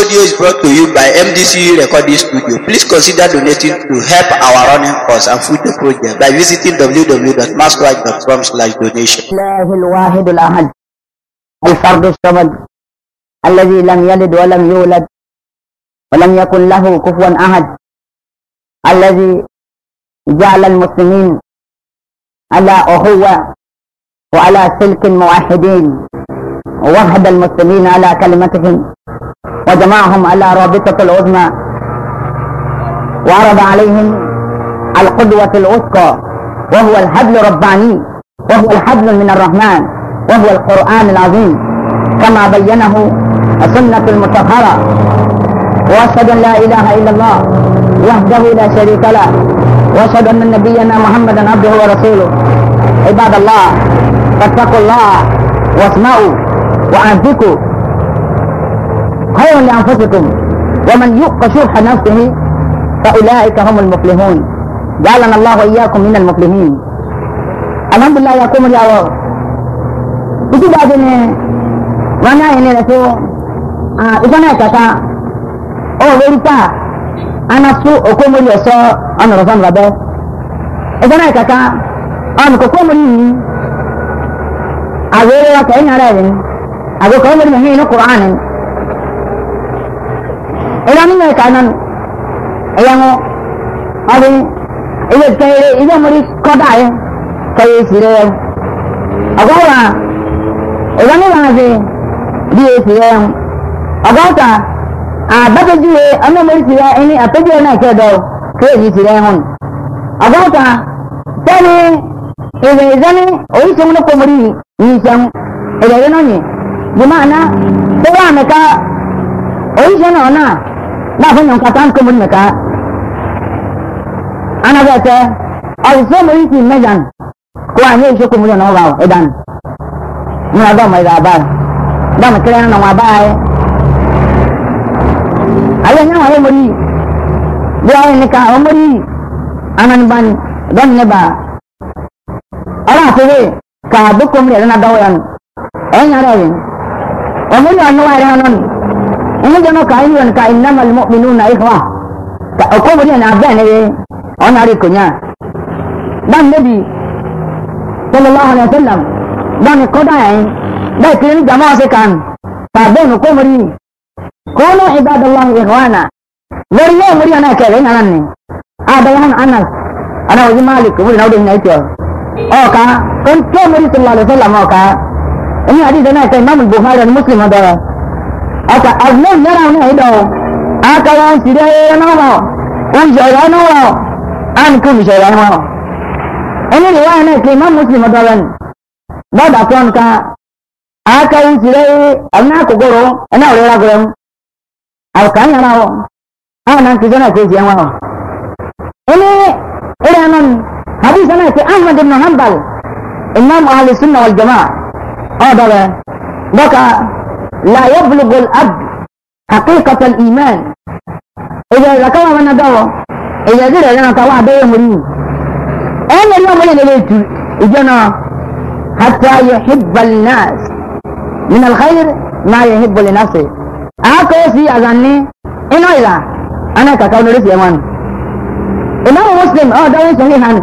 audio is brought to you by MDC Recording Studio. Please consider donating to help our running costs and food the project by visiting www.maskwatch.com slash donation. الفرد الصمد الذي لم يلد ولم يولد ولم يكن له كفوا أحد الذي جعل المسلمين على أخوة وعلى سلك الموحدين ووحد المسلمين على كلمتهم وجمعهم على رابطة العظمى وعرض عليهم القدوة الوثقى وهو الحبل الرباني وهو الحبل من الرحمن وهو القرآن العظيم كما بينه السنة المطهرة وأشهد أن لا إله إلا الله وحده لا شريك له وأشهد أن نبينا محمدا عبده ورسوله عباد الله فاتقوا الله واسمعوا وأنفقوا خير لأنفسكم ومن يوق شح نفسه فأولئك هم المفلحون جعلنا الله وإياكم من المفلحين الحمد لله يقوم اليوم itu jadi ni mana ini rasu ah itu nak kata oh berita anak su aku muli so anak rasan rabe itu nak kata anak aku muli ni awal waktu ni ada ni ago kala mar mahina qur'anan ila min ay kanan ayango ali ila kayre ila mari kota ay kay sire ago wa ila ni wa se di sire ago ta a bata jiwe amma mari sire ini a taje na ke do kay ji sire hon ago ta tani ila izani oyi sunna ko mari ni san ila ina ni بمعنى سواء مكا أيش أنا أنا لا فين كتان كم مكا أنا بس أو سمري في مجان كوا هي شو كم مجان هو باو إدان من هذا ما إذا بار دام كلنا نما باي أيه نعم أيه مري بيا نكا أمري أنا نبان دام نبا أنا أقول كابو كم لي أنا داوي أنا أين أنا ومن أنواع رانون إن جمع كاين كإنما المؤمنون إخوة أقوم بني أنا أبدأ نبي إيه؟ أنا أريد كنيا دان نبي صلى الله عليه وسلم دان قدع دا كلين جماعة سكان فابين أقوم بني كونوا عباد الله إخوانا وريا مريا أنا كذين أنا ني هذا يهم أنس أنا وجمالك ولنا ودنا يتوه أوكا كنت مريض الله عليه وسلم أوكا ini hadis dana ka imam bukhari dan muslim ada aka azmun nara na ido aka wan sida na wa un jara na wa an kun jara na wa ini riwaya na ka imam muslim ada ran bada kon ka aka un sida anna ko goro ana ore ra goro al kan yana wa ana ki jana ko jiyan wa ini ira nan hadis ana ka ahmad ibn hanbal imam ahli sunnah wal jamaah هذا بقى لا يبلغ الأب حقيقة الإيمان إذا ذكر من الدواء إذا ذكر لنا كواحد مريم أنا اليوم اللي ليت إجنا حتى يحب الناس من الخير ما يحب الناس أكو في أذني إنه إلا أنا كتاب نريس يمان إمام مسلم أه ده صحيح عنه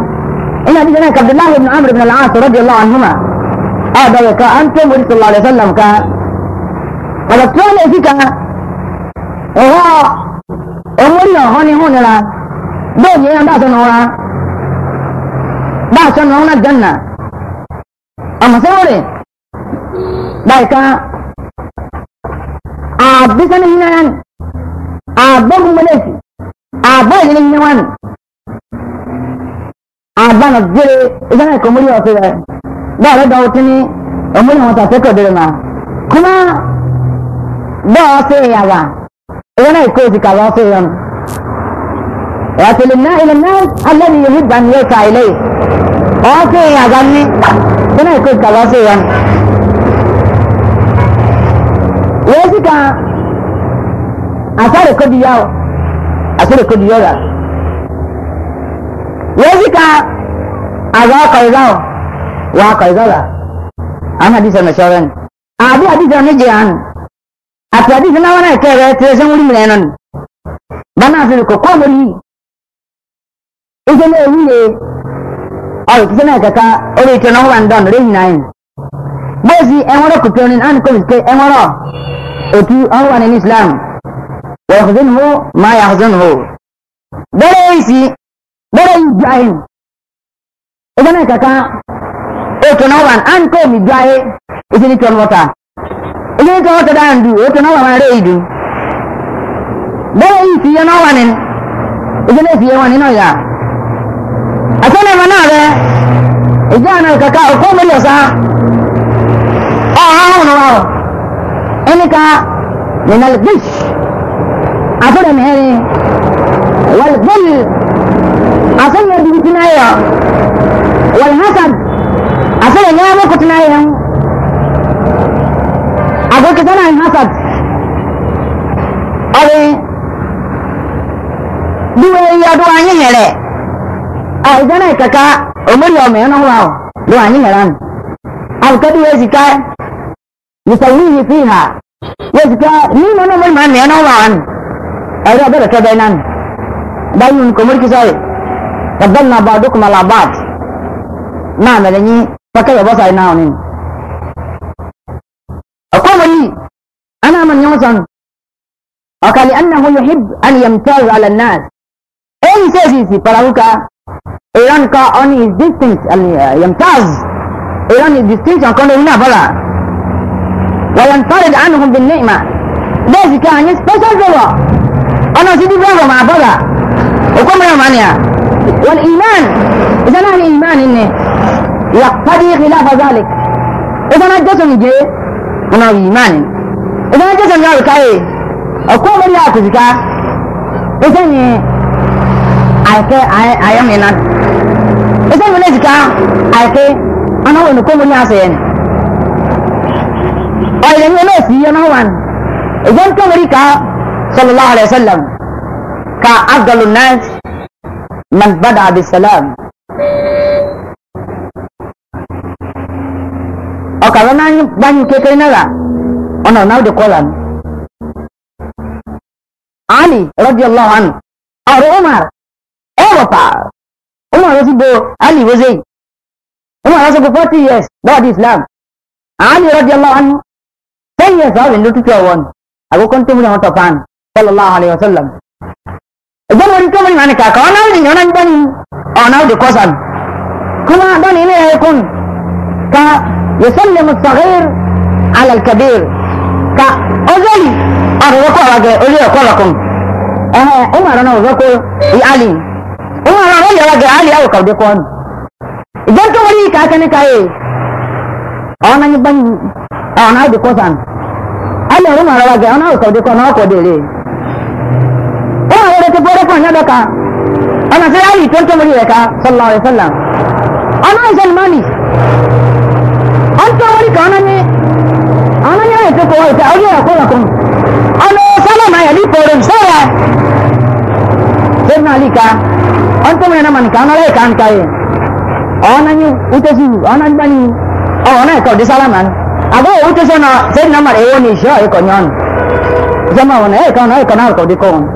إن حديث عبد الله بن عمرو بن العاص رضي الله عنهما ọ̀dọ̀wẹ̀ kan à ń tó mori sọ̀rọ̀ àlẹ́ sọ́lọ̀m kan ọ̀dọ̀ tó lè fi kan ọ̀họ́ ọmọdé ọ̀họ́ ni hún nira bẹ́ẹ̀ ni ẹ̀yàn bá sọ̀nà ọ̀ra bá sọ̀nà ọ̀hún náà jẹ́nà ọ̀mọ̀sẹ́wọ̀rẹ̀ báyìí kan àbísẹ́ni yíyan àbọ̀gùn mọ́lẹ́sì àbọ̀yìn ni yíyan wà ní àbánà jẹ́rẹ̀ ìjọba ìkọ̀mọ́lẹ́ ọ̀fẹ́ rẹ̀. ba da ga wutuni amuri mata sai ka dirma kuma ba wasu ya ba wani ko shi ka ba su yan wato linna ila na alladhi yuhibbu an yata ilay wasu ya ga ni wani ko ka ba su yan wasu ka asare kodi yawo asare kodi yawo wasu ka azaka yawo wa ka izala an hadisa na shawaran a abi hadisa ne je an a ti hadisa na wani kai rai tare san wuri mai nan bana su ko ko muri ije ne wuri aw ki sana ka ka ore to na wan don re nine bozi en wara ku tonin an ko ke en wara otu an wani islam wa yakhzunhu ma yakhzunhu dare yi si dare yi jahin ije ne ka ka otu na wan an ko mi dwaye ijini ton wata ijini ton wata dan du otu na wan re idu bere yi fiye na wanin ijini fiye wani no ya akwai na mana be ija na kaka ko mi losa o ha hu no waro eni ka min al bish afure meheri wal bul afure dubi kinayo wal hasad ashe ne mu ku tuna yan ago ki sana hasad abe duwe ya do anyi hele a idana kaka omori o me no wa do anyi hele an al kadu ye zika yusawihi fiha ye zika ni mo no mo ma me no wa an ayo abe ka bainan bayun ko murki sai tabanna ba'dukum ala ba'd ma malanyi fakada ba sai nawo nin akwai wani ana man yawan san aka li annahu yuhib an yamtaz ala an-nas ay sai si si parahuka iran ka on is distinct al yamtaz iran is distinct an kono ina bala wa yanfarid anhum bin ni'ma dai si ka ni special zero ana si di bala ma bala akwai mana mania wal iman idan al iman inne يقتضي خلاف ذلك إذا نجسم جي أنا إيمان إذا نجسم جاوي كاي أكو مري أكو زكا إذا ني أيك أي أيام إنان إذا ني زكا أيك أنا هو نكو مري أسين أي لم ينسي أنا هو أن إذا نكو مري كا صلى الله عليه وسلم كأفضل الناس من بدأ بالسلام banyu banyu kekere nara ona na de kolan ali radiyallahu anhu aro umar ewa pa umar wasi bo ali wasi umar wasi go 40 years bad islam ali radiyallahu anhu ten years aw indu tu awon ago kontu mu hoto pan sallallahu alaihi wasallam ejam wani kamani mane ka ka ona ni ona ni bani ona de kosan kuma bani ne kun ka يسلم الصغير على الكبير كأزل أرزقوا وجه أولي أقولكم أنا عمر أنا أرزقوا علي عمر أنا أولي وجه علي أو كودكم إذا أنتم ولي كأكني كأي أنا يبني أنا أبي كوسان أنا عمر وجه أنا أو كودكم أنا كوديري عمر وجه تبورك من هذا كا أنا سيالي تنتم ولي كا صلى الله عليه وسلم أنا إنسان ماني ọ̀tọ́wọ́lì kan náà ní àwọn yóò ètò kọ̀ ìta orí ẹ̀kọ́ ọ̀kan ọ̀nà sálọ̀mà yẹ̀ ní kòrò sọ́ra sẹ́yìn àlìkà ọ̀ntọ́wọ́lì náà mànìkà ọ̀nà ọ̀rẹ́ kan káyẹ̀ ọ̀nà ní utẹ́sí ọ̀nà nígbà ní ọ̀nà ẹ̀kọ́ ọ̀dẹ́ sálọ̀mà ní àgọ́ utẹ́sí ọ̀nà sẹ́yìn náà màrẹ̀ ẹ̀wọ́ ní ìṣọ́ ẹ̀kọ́ ní ọ̀nà jẹ́mọ̀ ọ̀nà ẹ̀kọ́ ọ̀nà ẹ̀kọ́ náà ọ̀kọ́ ọ̀dẹ́ kọ́ ọ̀nà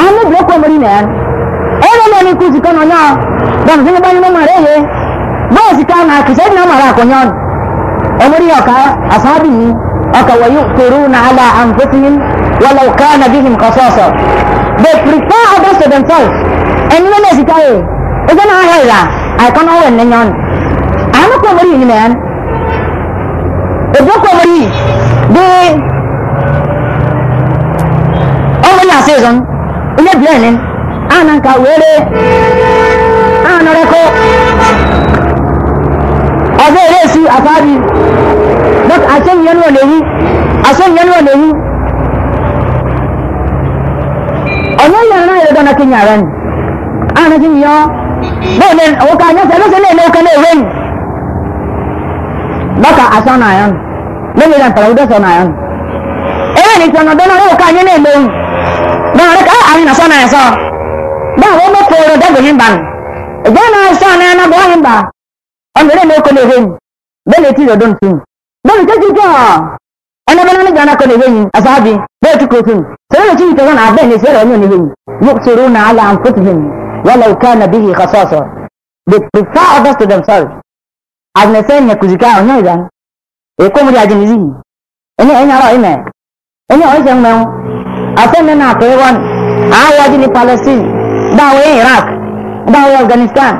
àwọn ọmọ ọkọ̀ mọ̀rí nà ẹ̀rọ ẹ̀rọ ní kú ti kọ́ ọ̀nà náà dànù sí ní bá ní mọ́ mọ̀ rẹ̀ yẹ báyìí sì ká ọ̀nà àkùsẹ́ ní ọmọ rẹ̀ àkọ́nyọ́nù عمريك أصحابي أكا ويؤثرون على أنفسهم ولو كان بهم خصاصة they prefer others to themselves and when they say إذا أنا هلا I can know when نيون أنا كومري هنا إذا كومري they أول يا سيزون إلى بلانين أنا كاويري أنا ركو a zai resu a fari don a san yanwa ne yi a san yanwa ne yi ọ̀nà yàrá yẹn dọ́nà kí yàrá ni àrùn kí yọ bẹ́ẹ̀ ni òkà yẹn sẹ́lẹ̀ sẹ́lẹ̀ ní òkà náà wẹ́n lọ́kà asán náà yẹn lẹ́yìn ìdá ntàlá ọdọ́ sọ náà yẹn ẹ̀rẹ́ ni sọ̀nà dọ́nà rẹ̀ òkà yẹn náà lẹ́yìn dọ́nà rẹ̀ káyọ̀ àrùn náà sọ náà yẹn sọ báwo wọ́n mọ̀ kóró dẹ́gbẹ̀ẹ́ yín bá ni ìjọ náà sọ náà yẹn náà bọ́ ọmọdé ló kọ lè hẹ́yìn bẹ́ẹ̀ lè ti rẹ̀ dùn tún bẹ́ẹ̀ tó ti tọ́ ọ̀nà bẹ́ẹ̀ ní gánà kọ lè hẹ́yìn asáàbí bẹ́ẹ̀ tó kọ tún sọ̀rọ̀ lè ti tọ́ náà bẹ́ẹ̀ ní sẹ́rẹ̀ ọ̀nà hẹ́yìn yóò náà ala an kótó hẹ́yìn wàlá òkà na bíhi xasọ́sọ́ they prefer others to themselves àdìnẹ́sẹ́ ní kùzìká ọ̀nà ìdán èkó mu di àdìnìzì ẹni ẹni arọ ìmẹ̀ ẹni ọ̀ṣẹ́ mẹ́wọ́ asẹ́mi náà pé wọn àwọn ọdún ní palestine dáwọ́ iraq dáwọ́ afghanistan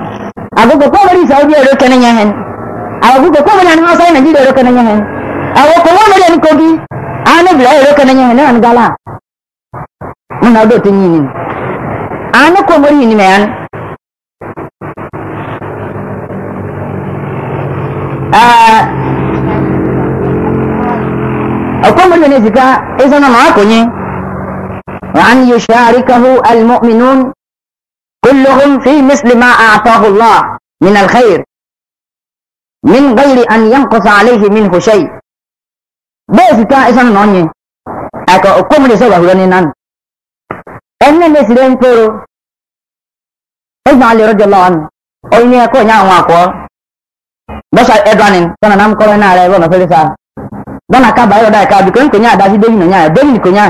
agogo ko bari saudi ero kana nya hen agogo ko bari anma sai najiri ero kana nya hen awo ko wona ren ko gi ane bla ero kana nya hen an gala muna do tin yin ane ko mori ni me an ah ko mori ne zika ezana ma ko ni وأن يشاركه المؤمنون كلهم في مثل ما أعطاه الله من الخير من غير أن ينقص عليه منه شيء بس تا إسان نوني أكو أكم لسوا هلوني نان أنا نسلين فورو إذن علي رضي الله عنه أيني أكو نعم أكو بس أدوانين كنا نام كورونا على نعم إبو نفلسا دون أكابا يودا أكابا كون كنيا داسي دين نيا دين كنيا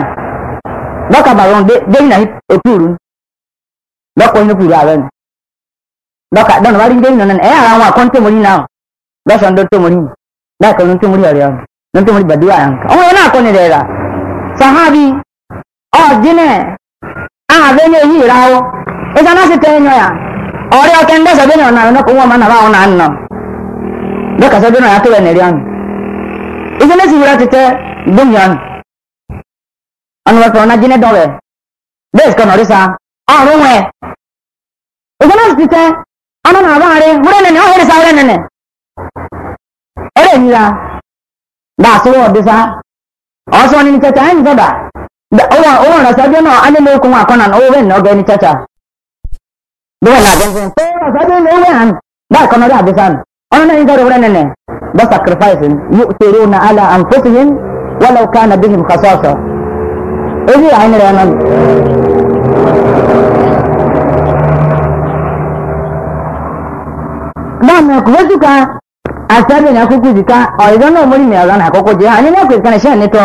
دوكا بارون دين نهي أكورون lọ́kọ̀ inú kùrù ààrẹ ni lọ́kà dọ́nà wá rí dé ìnà ẹ̀ ara wọn àkọ́ntò mọ́rí náà lọ́sàn án tó mọ́rí láìkọ́ ló ń tó mọ́rí ọ̀rẹ́ ọ̀rẹ́ ló ń tó mọ́rí bàdúrà yàn ká ọmọ yẹn náà kọ́ ni rẹ̀ rà sahabi ọ̀dínẹ̀ ààbẹ̀ ní èyí ìrawọ́ ẹja náà sì tẹ́ ẹ̀yọ yà ọ̀rẹ́ ọ̀kẹ́ ńdẹ́sẹ̀ bẹ́ẹ̀ náà ọ̀nà kọ́wọ́ ọmọ náà ọ̀nà àná lọ́kà sọ bẹ́ẹ̀ náà tó wẹ̀ nẹ̀rẹ̀ ọ̀nà ìṣẹ́ ní sìwúrẹ́ ti tẹ́ gbóyàn ọ̀nà wẹ̀ fẹ́ ọ̀nà jìnnẹ́ dọ̀wẹ̀ bẹ́ẹ̀ sì kọ́ nọ̀rí sa arụnwe egonọsite anụ na-agbagharị hụrụ enene ọ hịrịsa hụrụ enene ere enyira dasụrụ ọdịsa ọsọ ni nchacha anyị zọda ụwa na sadio na anyị na-ekwu nwa akọ na na owe na oge ni chacha dụwa na adị nzin pee na sadio na owe han da akọ na ọdịsa ọnụ na ịzọrọ hụrụ enene da sacrifice yu'tiru na ala anfusihim walau kana bihim khasasa ezi anyị rere nọ dáàmì kòfẹ́tù kan asábì ní akókò ìdíkà ọ̀yẹ́dọ́ náà mórí mi ọ̀rọ̀ àkọ́kọ́ jẹ́ àní ní ọkọ̀ ìkànnì ṣẹ́ẹ̀ nítọ́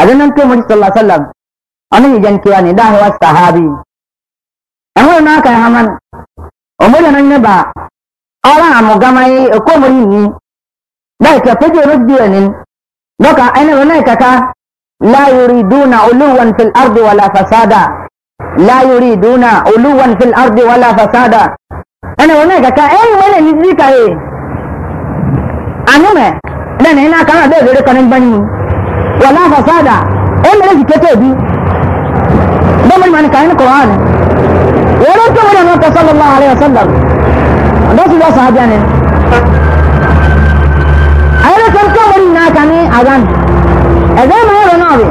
àdéhùn tó mórí sọlá sọlá ọ̀nà ìjẹ́ nkéwà ní dáhùwá sàhábì ẹ̀wọ̀n náà kàn hàn mọ́n ọmọdé náà nyẹ bá ọ̀rọ̀ àmọ̀gámá yìí ẹ̀kọ́ mórí mi báyìí kẹ́ péjì olóògbé ẹ̀ní dọ́kà ẹni wọn náà kàkà láyòrì dúnà olúwọn fìl ardi wàlà fasada láyòrì dúnà olúwọn fìl ardi wàlà fasada. ẹnna wọn náà kàkà ẹyìn wọn náà ní sí kàyé ànúmẹ lẹnu iná kan náà bẹẹ bẹrẹ kan ní gbani mu wọn náà fasada ẹyìn mẹrẹ sì kété bi bọmọdé mani kàyé ní kọrọ àná wọn ló tó wọn náà kọ sọlọ lọ àlẹ ọsọlọ ọdọ sì lọ sọ abíyá ni ayẹlẹ tó ń tó wọn nínú aka ní àgbà ni ẹgbẹ mọ ẹrọ náà bẹ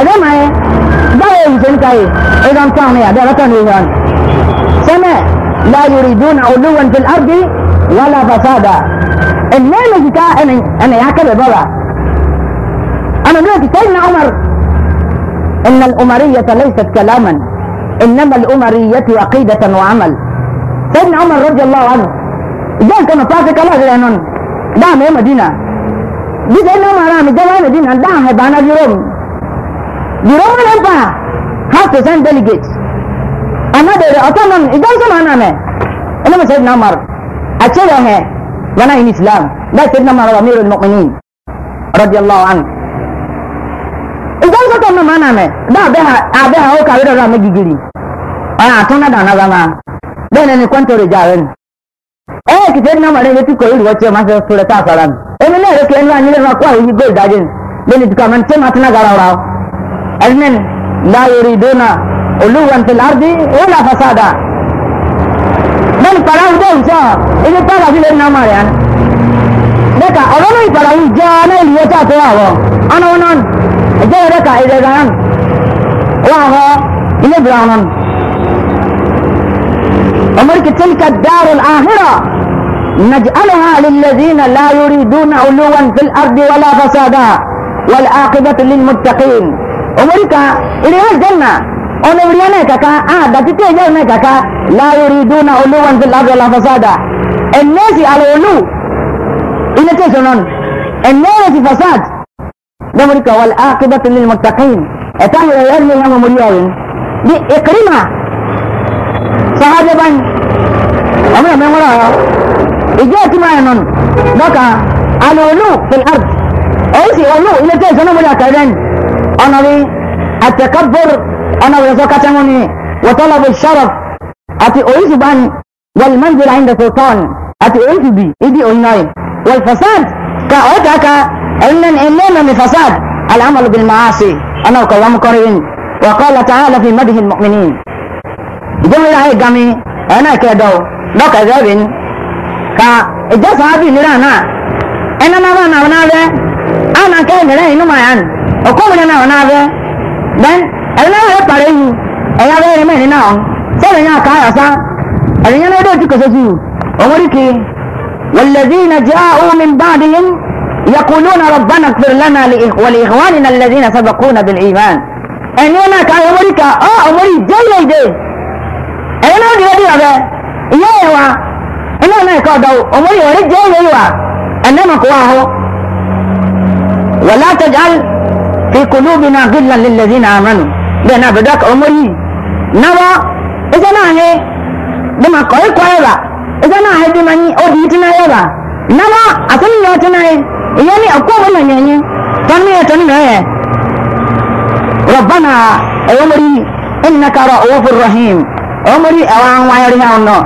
ẹgbẹ mọ ẹ báwo èyí tó ń kàyé ẹgbẹ ń tó àwọn ẹyà bẹẹ ọlọtọ ní ìwà ni sẹmẹ. لا يريدون علوا في الارض ولا فسادا النمج بتاع انا انا ياكل بابا انا دلوقتي سيدنا عمر ان الامريه ليست كلاما انما الامريه عقيده وعمل سيدنا عمر رضي الله عنه ازاي كما فاسق الله زي انون دعم يا مدينه دي سيدنا عمر عم ازاي يا مدينه دعم هيبقى انا جيروم جيروم دي روم الامبا ديليجيتس ana da da ata nan idan sama ana ne ina mai sayyidina umar a ce da he wana in islam da sayyidina umar wa amirul mu'minin radiyallahu an idan ka to nan ana ne da be ha abe ha o ka wira ra me gigiri a atona da na zama da ne ni kwantore jaren eh ki sayyidina umar ne ti ko yi wace masa sura ta salam ene ne reke ene anyi le ma kwa yi go dajin ne ni duka man tema tana garawa enen la yuriduna علوا في الارض ولا فسادا بل فلاه ده وشا إذا فلا في لنا ماريا يعني. لك أولا يفلا وجانا اللي يتاتوا هو أنا ونان إذا لك إذا كان وهو إذا برانان أمرك تلك الدار الآخرة نجعلها للذين لا يريدون علوا في الأرض ولا فسادا والعاقبة للمتقين أمرك الى الجنة أنا بريانا كاكا آه دكتي جاونا كاكا لا يريدون علوا في الأرض ولا فسادا الناس على علو إلى تسنون الناس فساد دمرك والعاقبة للمتقين أتاهي يرمي يوم مريوين دي إقرمها صحابة بان أمنا من وراها إجاءت ما ينون دوكا على علو في الأرض أيسي علو إلى تسنون مريا كايدين أنا بي التكبر انا وزكتموني وطلب الشرف اتي اويس بان والمنزل عند سلطان اتي اويس بي ايدي اوناي والفساد كاوتاكا ان الامام من فساد العمل بالمعاصي انا وكلام قرين وقال تعالى في مده المؤمنين جميل هاي جامي انا كدو لك ذابين كا اجاس هابي نرانا انا ما بانا ونابي انا كاي نرانا انو ما يعني وكومنا ونابي then والذين جاءوا من بعدهم يقولون ربنا اغفر لنا ولاخواننا الذين سبقونا بالايمان ان يونا كان امريكا اه امري جاي دي انا دي دي ابا يا يوا انا ما كادو امري وري جاي دي يوا انا ما كواهو ولا تجعل في قلوبنا غلا للذين امنوا then na bedak omori nawa ese na he de ma koy koy ba ese na he de mani o di tina ya ba nawa asani yo tina he iye ni akwa wona nyenye tan ni tan ni he rabbana omori innaka ra'ufur rahim omori awan wa yari ha no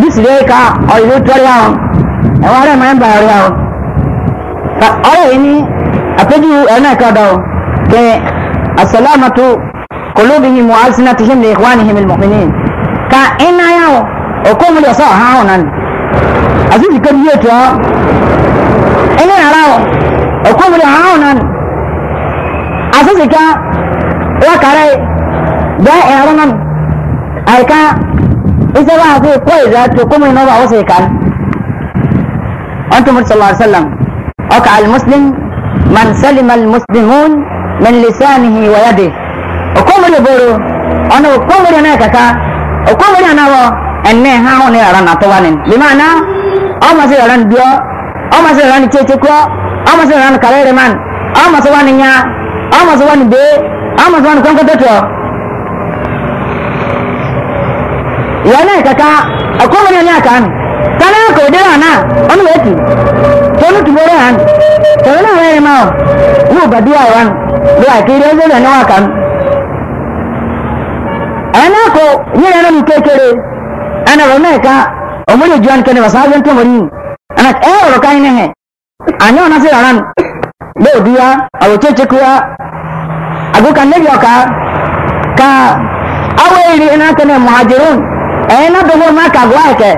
this day ka o ilu tori ha e wa re ma ba yari ha fa ore ni apeju enaka do ke assalamatu قلوبهم وألسنتهم لإخوانهم المؤمنين كأن ياو وكم اليسار هاونا أزيز كريتو أنا أراو وكم هاونا أزيز كا وكاري دا إعرانا أيكا إذا ما في قويزة تقوم لنوضع وسيكا أنتم صلى الله عليه وسلم وكع المسلم من سلم المسلمون من لسانه ويده okomori oboro ono okomori ne kaka okomori anawo enne ha ho ne ara na to wanin limana o ma se ara ndio o ma se ara ni cheche ko o ma se ara ni karere man o ma se wani nya o ma se wani be o ma se wani konko toto yana kaka okomori ne aka an kana ko de ana onu weti tonu tubore an tonu na we ma wo baduwa wan do akiri ezo na wa kan ana ko yana nan kekere ana ba mai ka omuri juan kene ba sajen to muri ana eh ro kai ne he anyo na se ran do duya awo cheche kuya ago kan ne yoka ka awe ri ina kene muhajirun eh na do ma ka gwa ke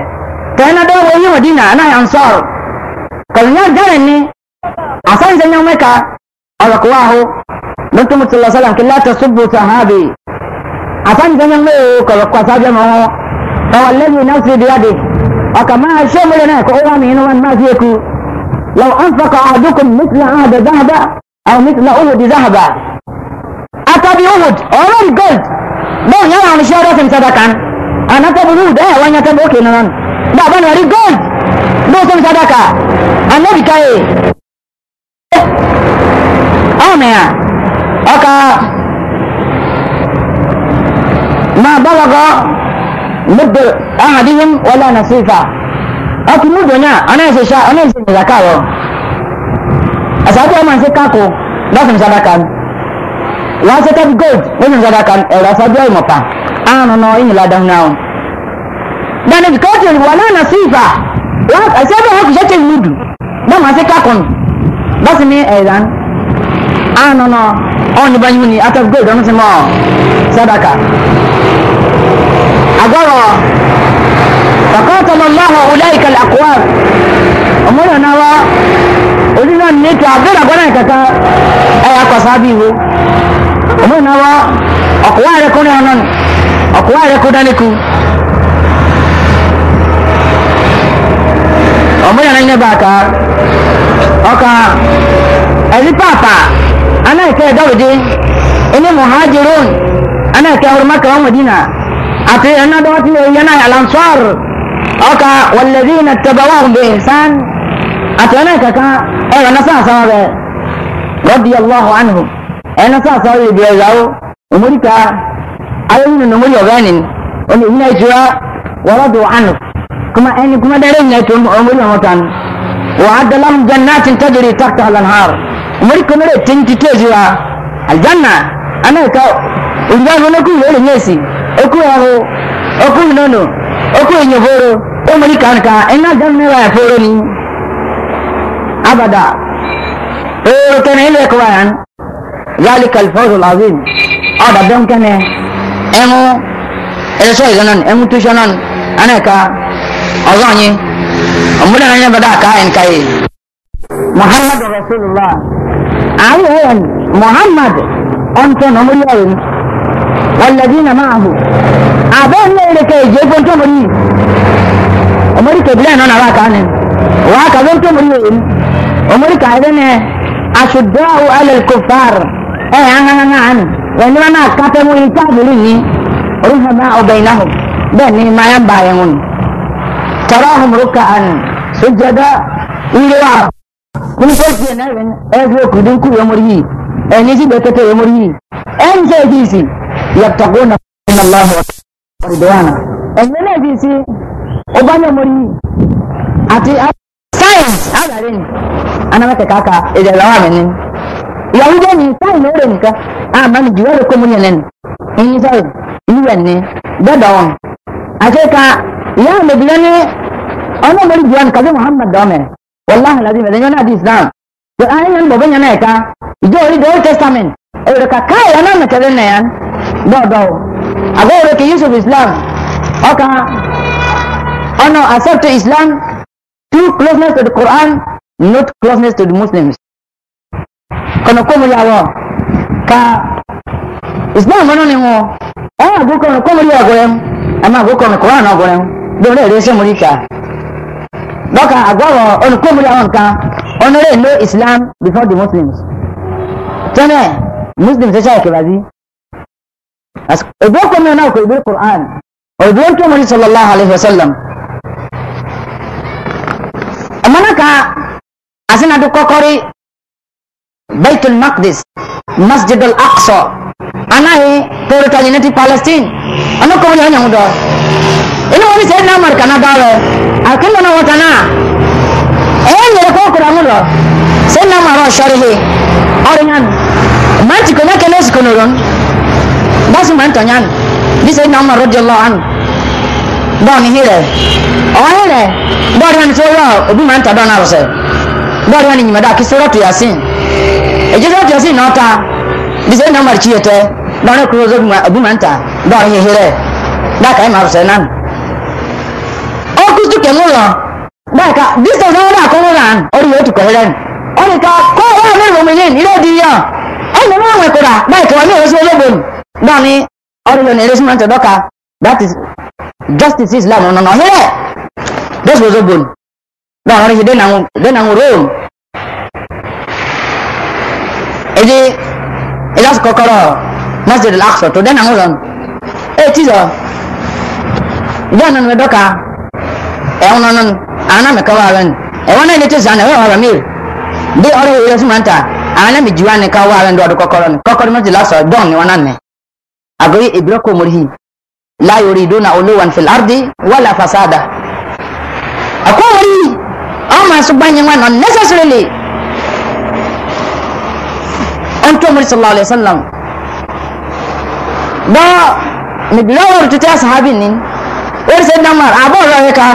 kana do wo yi madina ana ansar kan ya dare ni asan se nyameka ala kuwaho Nabi Muhammad sallallahu alaihi wasallam kila tasubbu sahabi asante sana leo kwa sababu ya mawa au alladhi nafsi biyadi akama shamle na kwa wami ina man mafiku law anfaqa ahadukum mithla ahada dhahaba au mithla uhud dhahaba atabi uhud all gold bo yala ni shara sem sadakan anata bulud eh wanya tambo kenan da bana ri gold bo sem sadaka annabi kai Amen. Okay. ما بلغ مد أحدهم ولا نصيفا أكي مدنا أنا سيشا أنا سيشا زكاة se أمان سيكاكو لازم صدقا wọ́n ṣe tẹ́tí gold lẹ́yìn ìjọba kan ẹ̀rọ ṣẹ́jú ìmọ̀ta àrùn náà ìyìn ládàá náà o. danid kọ́tù wà lánà sí ìfà ẹ̀sẹ̀ bí wọ́n kì í ṣẹ́tì ìlúdù bọ́ọ̀ máa ṣe kákùn bọ́ọ̀sì ní ẹ̀rán àrùn náà ọ̀hún ní báyìí ní atẹ́tí gold ọ̀hún sí mọ́ ṣàdákà. أجرى فقاتل الله أولئك الأقوام أمونا نوا أولينا نيتو عبدالله قولا يكتا أي أقوى صحابيه أمونا نوا أقوى لكونا هنان أقوى لكونا لكو أمونا نباكا أكا أذي بابا أنا كي دودي إني مهاجرون أنا كي أرمك ومدينة ati ana dawati wa yana ya lansar aka wallazina tabawahum bi ihsan ati ana kaka ay ana sa sa be radiyallahu anhum ana sa sa be biya yawo umuri ka ayoyin nan umuri oganin wani ina jira waradu anhu kuma ani kuma dare ne to umuri mutan wa adalam jannatin tajri tahtaha al-anhar umuri kuma re tinti tejira aljanna ana ka uriya ne ku yele nyesi oku yago oku inono oku enyoboro omori kanka ina janne wa foro ni abada ero kene ile ko yan ذلك الفوز العظيم هذا دون كان امو eso izanan emu tushanan anaka azanyi amuda nanya bada ka en kai muhammad rasulullah ayi ayan muhammad onto nomuri ayin والذين معه أبين لك يجيبون تمري أمري كبلان أنا راك عنهم وهكا بين تمري أمري كأذن أشداء على الكفار أي أنا أنا أنا وإنما أنا كتبوا يتابلوني رحماء بينهم بني ما ينبعيون تراهم ركعا سجدا إلى kun sauki na ran ɗaya kudu ku yamuri ɗaya ne shi bai kata yamuri ɗan sai يتقون من الله ورضوانا ẹ̀yin náà ti ṣe ọbányọmọrí àti science alàrẹ ni anamẹtẹ kaka èdè lọwọ àmì ni ìyàwó jẹ ní science lóore nìkan àmà ní jùlọ lóko mú yẹn ẹni sọrọ ìlúwẹ ni gbọdọ wọn àti ka ìyá àmọbìnrin ni ọlọmọrí jùlọ ní kàdé muhammad dọmẹ wàláhà làdí mẹsẹ yọ náà di islam yọ ayé yẹn bọbẹ yẹn náà ẹka ìjọ orí the old testament èrò kàkà ìyá náà mẹtẹrẹ nìyẹn. dọ́ọ̀dọ́ o àgọ́wòrò kì yusuf islam ọkà ọ̀nà accept islam through closeness to the quran not closeness to the muslims kọ̀nà kọ́mu yà wọ̀ ka islam mọ́nà ni wọn ọ̀hún àgọ́kọ̀ ọ̀nà kọ́mu yà ọ̀gọ̀rẹ́ mu àmọ́ àgọ́kọ̀ ọ̀nà quran ọ̀gọ̀rẹ́ mu bí wọn lè rí sẹ́mu ríkà dọ́kà àgọ́wọ̀ ọ̀nà kọ́mu yà wọn kan ọ̀nà rẹ̀ know islam before the muslims tẹ́lẹ̀ muslims ṣe ṣàkíyèsí. eboko mi na ko ibe qur'an o ibe to muri sallallahu alaihi wasallam amana ka asina to kokori baitul maqdis masjid al aqsa ana he tore tali nati palestine ana ko wani hudo ina wani sai na marka na dawo akin na wata na eh ne ko qur'an ro sai na maro sharhi oringan manti ko na kele skonoron ọba sì máa ń tọ̀yàn bí sẹ́yìn náà ọmọ rọ́dí ọlọ́ àánú bọ́ọ̀nì hílẹ̀ ọ̀wọ́ hílẹ̀ bọ́ọ̀dì wọn ni tí ó wà òbí máa ń tọ̀ dọ́nà rọ̀sẹ̀ bọ́ọ̀dì wọn ni yìnbọn dáa kí sẹ́rọ̀tù yasin èjì e sẹ́rọ̀tù yasin náà ta bí sẹ́yìn náà ọmọ rìkì yẹtẹ bọ́ọ̀nì kúrò òbí máa ń tà bọ́ọ̀nì hílẹ̀ dáka ẹ̀ máa rọ̀sẹ̀ náà ó kú sí kẹ̀mú lọ dáka bí sẹ́yìn náà ọmọ akọ́wọ́ náà orí yóò tukọ̀ hílẹ̀ ọ̀nìkan kó wà ní ìròmìnir dani ọrịa na-eresi na ntọdọka that is justice is love. islam nọ n'ọhịa dọsụ ozogbon dọọ ọrịa dị na nwụrụ rom eji ịlasị kọkọrọ masjid al-aqsa to dị na nwụrụ etizọ dọọ nọ n'ọdọka ẹwọn nọ nọ ana mẹkọwa ara ni ẹwọn náà ilé tẹsán ẹwọn ọrọ mìíràn bí ọrịa ìrẹsì máa ń ta ana mẹjiwa ni káwọn ara ni dọọdọ kọkọrọ ni kọkọrọ masjid al-aqsa dọọ ni wọn náà nẹ. agoyi ibirako murihi la yuriduna uluwan fil ardi wala fasada ako murihi o masu banyan wan unnecessarily on to muri sallallahu alaihi wasallam da ni bilawar tuti ashabi ni ori sai dan mar abo ro ka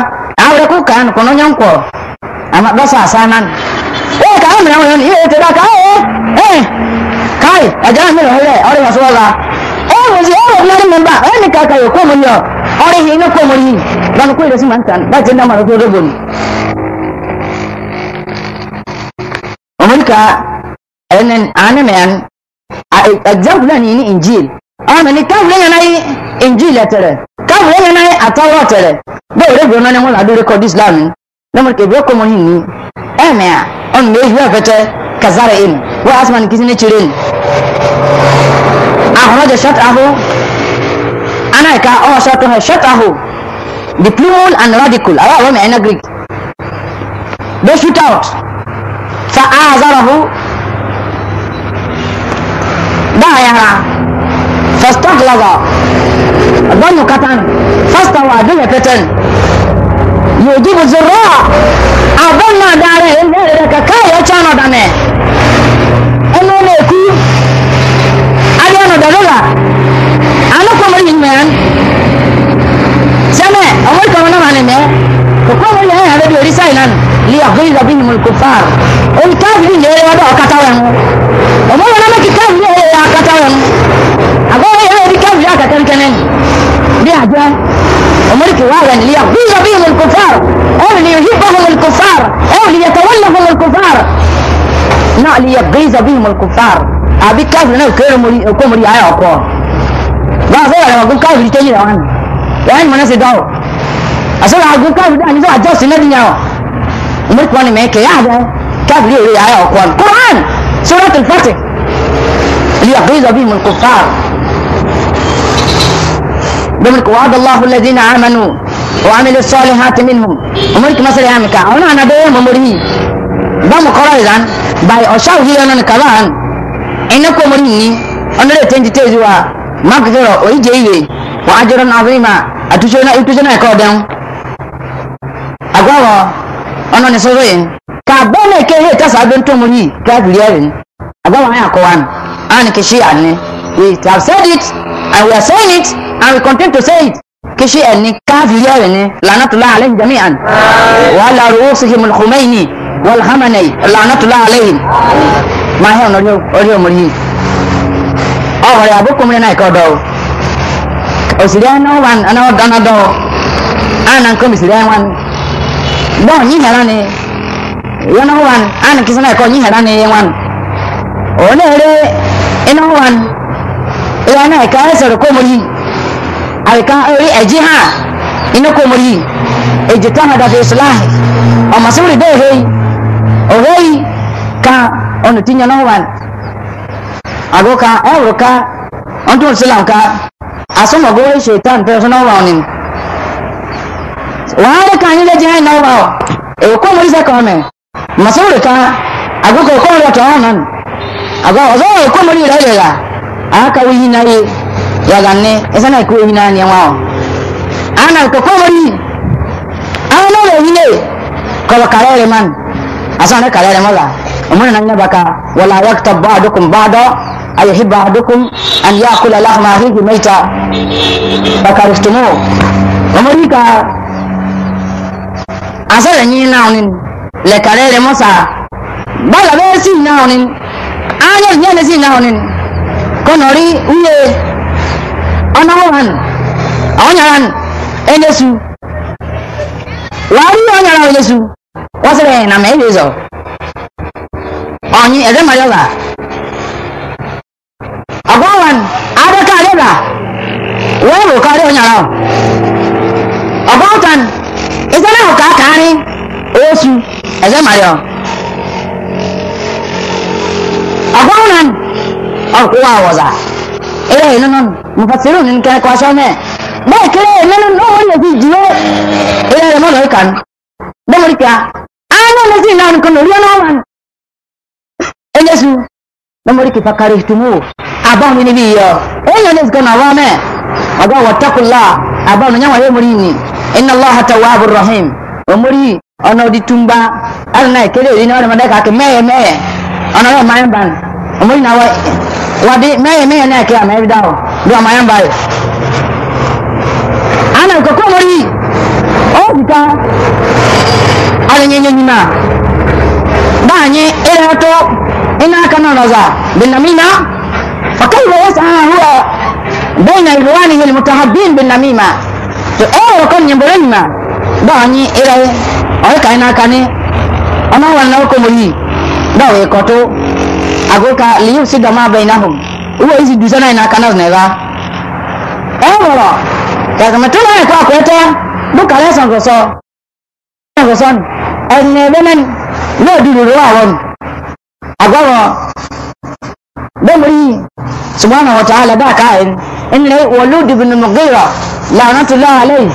awre ku kan kono nyanko ama basa sanan eh ka amra wan eh te da ka eh eh kai ajana mi ro hele ori rasulullah ọ̀rọ̀sì ọ̀rọ̀ ní ọdún mẹ́mbà ẹni kàkà yóò kọ́ mọ́lì ọ̀ ọ̀rẹ́ yìí ní kọ́ mọ́lì yìí lọ́nà kó ìrẹsì máa ń tàn láti ẹ̀dá màrún tó rẹ̀ bọ̀ ni. ọmọdéka ẹni àánú mẹ́yàn ẹ̀gbẹ́mpù náà ní injil ọmọ ní káwùrẹ́ yẹn náà injil ẹ̀tẹ̀rẹ̀ káwùrẹ́ yẹn náà àtọ́wọ́ ọ̀tẹ̀rẹ̀ bẹ́ẹ̀ rẹ̀ bọ̀ náà ni wọ́n làdó rékọ́dì islam ní lọ́mọdéka ìbúrẹ́ kọ́ mọ́lì ní ẹ̀mẹ́yà ọmọ mi èyí wọ́n fẹ́tẹ́ kazara ẹ̀nu wọ́n asọ́mọ́ ní kìsìn ní kyerẹ́ ni. أخرج شطأه أنا كا أو شطأه شطأه the plural and radical أرى وما أنا Greek they shoot out فأعذره ده يا فاستغلظ ظن كتن فاستوى دلة يجيب الزراع أظن داره إن ذلك كاي أتشانا دمه إنه ليكون dɔdɔla ano kɔmɔri yi mɛn sɛmɛ ɔmɔri kɔmɔ nama ni mɛ kɔmɔri yɛn yɛrɛ bi orisa yi nan li ɔkuli dɔ bi ni mɔri ko faa olu káfiri ni yɛrɛ dɔ ɔkata wɛn mu ɔmɔri yɛrɛ mɛki káfiri yɛrɛ yɛrɛ akata wɛn mu agbɔwɔ yɛrɛ yɛrɛ káfiri yɛrɛ akata nkɛnɛ ni bi adua ɔmɔri ki waa wɛn li ɔkuli dɔ bi ni mɔri ko faa ɔmɔ li yɛrɛ bɔ mɔri ko faa ɔmɔ li yɛrɛ tawala mɔri ko faa na li yɛrɛ bɛ àbí káfìrí náà kéré kó mo rí ayé ọkọ báwo sọ wàlẹ̀ ọgbọ́n káfìrí tẹ́yìn rẹ̀ wọn ẹ̀yìn mọ̀ náà ṣe dọ́wọ̀ àṣọwọ́ àgbọ̀n káfìrí náà ní sọ àjọsìn náà dìnyà ọ̀ ọmọ ìpọ́n ni mẹ́kẹ́ yá àbẹ́ káfìrí èrè ayé ọkọ ni quran surat al-fatih ilé àgbéyìzọ bíi mọ̀lùkù fáà bẹ́ẹ̀mọ̀lùkù wàá dọ̀láhu lẹ́dínà àmànù wàhámẹ́lẹ́ sọ́ọ̀lì hàtí mìíràn ọmọ ìkì mọ́sálẹ̀ yà mí ká àwọn àná bẹ́ẹ̀ mọ̀mọ́rí bá mọ̀ kọ́rọ̀ ìlànà báyìí ọ̀ṣà òhìyàn náà ní kàlá àná ina ko muri ni onore tenji tejuwa makzoro oije iye wa ajran azima atushona itushona ko dan agwawo ono ne soro yin ka bone ke he ta sabin to muri ka biliyarin agwawo ya ko wan an ke shi anne we have said it and we are saying it and we continue to say it kishi ẹni káfíìrì ẹrẹ ni lanatula aleyhi jami'an wàhálà rúwúsì himul khumeini wàlhámanai lanatula aleyhi. máa hẹ́ ọ̀nà orí ọmọ yìí ọ̀rẹ́ àbókùnrin náà ẹ̀kọ́ dọ̀ òsìrí anáwọ̀n anáwọ̀dánadọ̀ ánàkọ́mì sírí ẹ̀wọ̀n bọ́ọ̀ yìí hẹ̀rọ ni yọ̀nàwọ̀n ánàkísí náà ẹ̀kọ́ yìí hẹ̀rọ ni ẹ̀wọ̀n òun èrè ináwọ̀n ìyá náà ẹ̀ka ẹ̀sọ̀rọ̀ kọ́mọ yìí àríkà orí ẹ̀jí hà inú kọ́mọ yìí èjì táwọn àdàbẹ̀ ìṣúláhì ọ̀mọ̀síwìrì dé òhè yìí òhè yìí ọ̀nà tí nyaná wà àgọ́ ka ọ̀rọ̀ eh, ka ọ̀ntún sílám ka asọ́mọ̀gọ́ ṣe tán tẹ́lẹ̀ sọ́nà wà ọ̀nìm wàá rẹ̀ kàn yín lẹ́jẹ̀ ẹ̀ náà wà ọ̀ èyí kọ́ mọ̀ ìṣẹ́ kan mẹ́ màsọ́rọ̀ ka àgọ́ e, ka ọkọ́ rẹ̀ tọ̀ ọ̀nà àgọ́ ọ̀zọ́ èyí kọ́ mọ̀ ìrẹ́ rẹ̀ rà àáka wíyí náà yé yàgà ní ẹsẹ̀ náà kó wíyí náà ní wọn. àná ìkọ̀kọ́ mọ̀ yìí àwọn náà lè wílé kọ̀ọ̀kàrẹ́ rẹ̀ máa asana kala da mala umma nan ne baka wala yaktab ba'dukum ba'da ayuhibbu ahadukum an yakula lahma hihi maita bakariftumu umri ka asara nyi na onin le kala da musa bala be sin na onin ayo nyi ne sin na onin konori uye ona wan onyaran enesu wari onyaran enesu wasere na mɛ ɛdi zɔ ɔnyi ɛdɛ ma yɔba agbawan adɛ ka adɛ ba wɔyɛ wò ka adɛ ɔnyara o ɔgbawutan ɛsɛnɛ wò ka kaani osu ɛdɛ ma yɔ agbawan ɔkuwa wɔza ɛyɛ yɛ nonon mufasiru ni nkɛ kɔsɔn mɛ bɛɛ kiri yɛ nonon n'o yɛ fi diɛ ɛyɛ yɛ mɔdɔ yi kan. dɔmɔrika ana ne se naani kɔnɔ olu yɛlɛ wɔn ɛnyɛ su dɔmɔrika fakari tumu abawo ni ne bi yɔ ɛnyɛ ne sikɛ na wɔn mɛ ɔgɔ wɔtakula abawo nyɛ wɔn ɛmori ni ina allah ta wa abu rahim ɔmori ɔna odi tumba ala na ekele ori na ɔna ma dɛ kake mɛyɛ mɛyɛ ɔna yɛ mayɛ ban ɔmori na wa wadi mɛyɛ mɛyɛ na eke ama ɛbi da o do ama yɛ ba yɛ ana kɔkɔ ɔmori ɔbi ta. anyenyenye nyina danye irato ina kana raza binamina fakaifa yasaa huwa baina irwanihi almutahabbin e, binamima to ewo kan nyembore nyima danye iraye ọyọ ka ina kane ọmọ wa na ọkọ mọyi dọwọ ẹkọtọ agoka liyu si gama bainahum uwe isi dusana ina e, kana zinara ẹwọrọ e, kẹsàmẹtọ náà ẹkọ akọẹtẹ bukari ẹsàn gọsọ ẹsàn gọsọ ni. ẹni ẹgbẹ́nà náà dìrò lọ́wọ́ àwọn àgọ́rọ̀ bẹ́ẹ̀mọ̀rí subhanahu wa ta'ala bá káàrin ilẹ̀ wọlúùdì bin mugera lànà tó láwà lẹ́yìn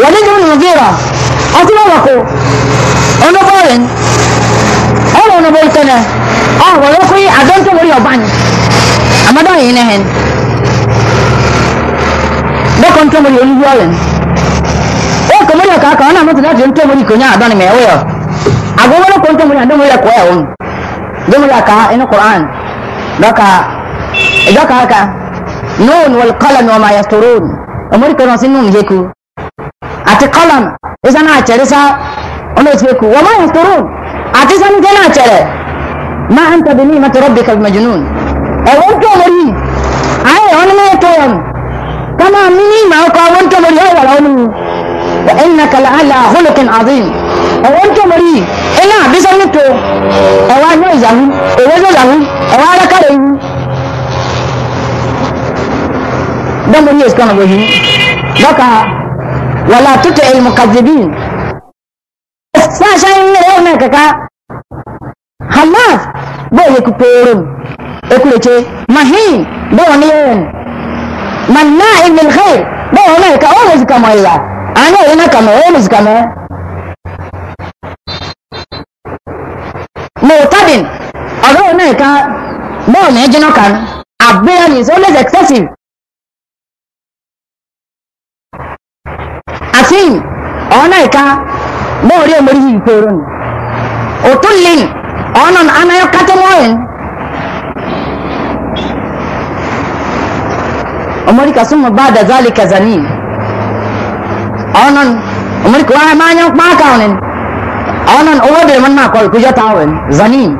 wọlúùdì bin mugera ọtí bá wà kó ọlọ́bọ̀rin ọ̀rọ̀ ọ̀nàbọ̀ ìtẹ̀nà ọ̀rọ̀ lọ́kọ́ yìí àdọ́ntò wọlé ọ̀bá ni àmọ́dọ̀ yìí nẹ́hìn dọ́kọ̀ ntọ́mọ̀rí olúwọ́rin o kamar yaka haka wannan masa zata yanto muri kunya adon mai waya a gobe na kwanta muri adon muri da koya wani zama da ka ina qur'an daga daga haka nun wal qalam wa ma yasturun amur kana sin nun heku ati qalam isa na cere sa ono heku wa ma yasturun ati san kana cere ma anta bi ni'mat rabbika al majnun e wonto muri ai wani ne to yan kama mini ma ko wonto muri ai wala wani وإنك لعلى خلق عظيم أوان او انا بسنة او انا يزعم او انا أوان ده مري يسكن بهين لكا ولا تطع المكذبين ساشا يرون كاكا خلاص بوي كبورن اكلتي مهين ناعم الخير للخير بونيك اولز كما الله anya anyị ị na-akama ọ mụzikama mọtadin ọrụ na na-eka bọọlụ na eji ejinọ kan ya n'isi is always excessive asin ọ na eka bọọlụ ya mori hihi kwero ni otullin ọ nọ na anaghị kata mọọlụ ọmọdé kasum bá dazali kazanin onon umri ko ay manyo ma kaunen onon owode man ma ko kuja tawen zanin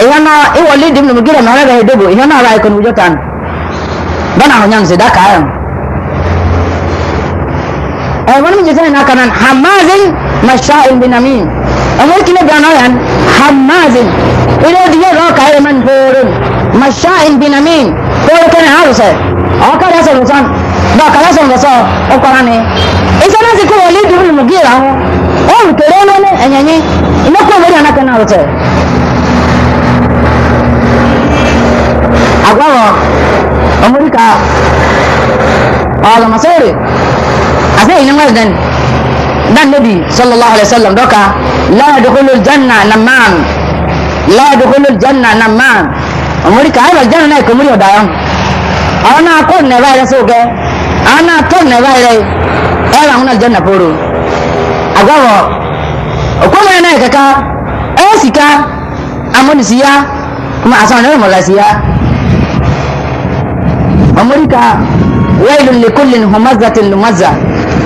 ihana e wali dim no gira na raga hedebo ihana ra ikon kuja tan bana honyan se daka ayon ay wani mi jitana kanan hamazin masha'in binamin umri kine gano yan hamazin ire diye ro kai man borun masha'in binamin ko kana haruse akara sa rusan dɔw kala sɔn bɛ sɔn o kɔrɔ ni isana si ko wali duuru ni mugi ra o o tere ne ne ɛnyɛnyi ne ko wali ana kana o tɛ agbawo omori ka ɔlɔmasori ase yi ni ŋmari dani dan ne bi sallallahu alaihi wa sallam dɔ ka laa dukulu janna namaan laa dukulu janna namaan omori ka ayi ba janna na ye komori o da yɔn ɔlɔ naa ko nɛba yɛrɛ so kɛ. ana ton na baire era una janna poro agawo okoma na kaka esika amoni siya kuma asan na mo siya amurika wailun likullin humazatin lumazza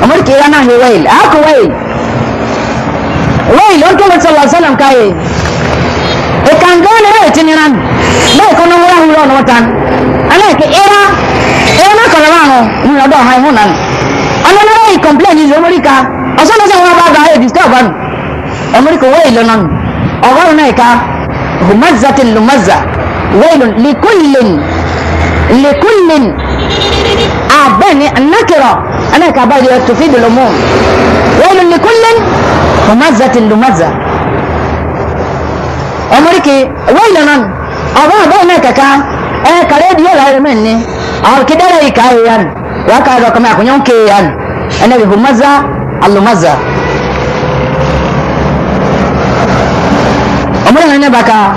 amurika yana he wail ako wail wail onto sallallahu alaihi wasallam kai e kangana re tiniran mai kono wala hulo no tan ana ke era ee ma kọrọ ma ahụ nwụrụ ọdọ ha ịhụ na nụ ọnụ na ọyị kọmplen izu omorika ọsọ na ọsọ nwa ba ga ahụ disturb nụ omorika wee ilo nụ ọgọrụ na ịka humazatin lumaza wailun likullin likullin abeni nakiro ana ka ba ya tufidul umum wailun likullin humazatin lumaza omorika wee ilo nụ ọgọrụ na ịka ka eh kare biyo la ile men ni al kidara ikaye yan waka ga kuma kunyon ke yan annabi humaza allumaza umran ne baka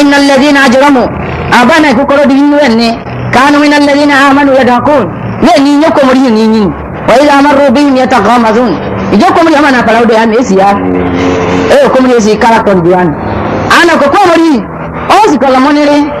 innal ladina ajramu abana ku koro di wen ni kanu min alladina amanu yadakun ne ni nyoko muri ni ni wa ila marru bihim yataghamazun ijoko muri amana palaude yan esiya eh ko muri esi kala kon diwan ana ko ko muri o si kala monere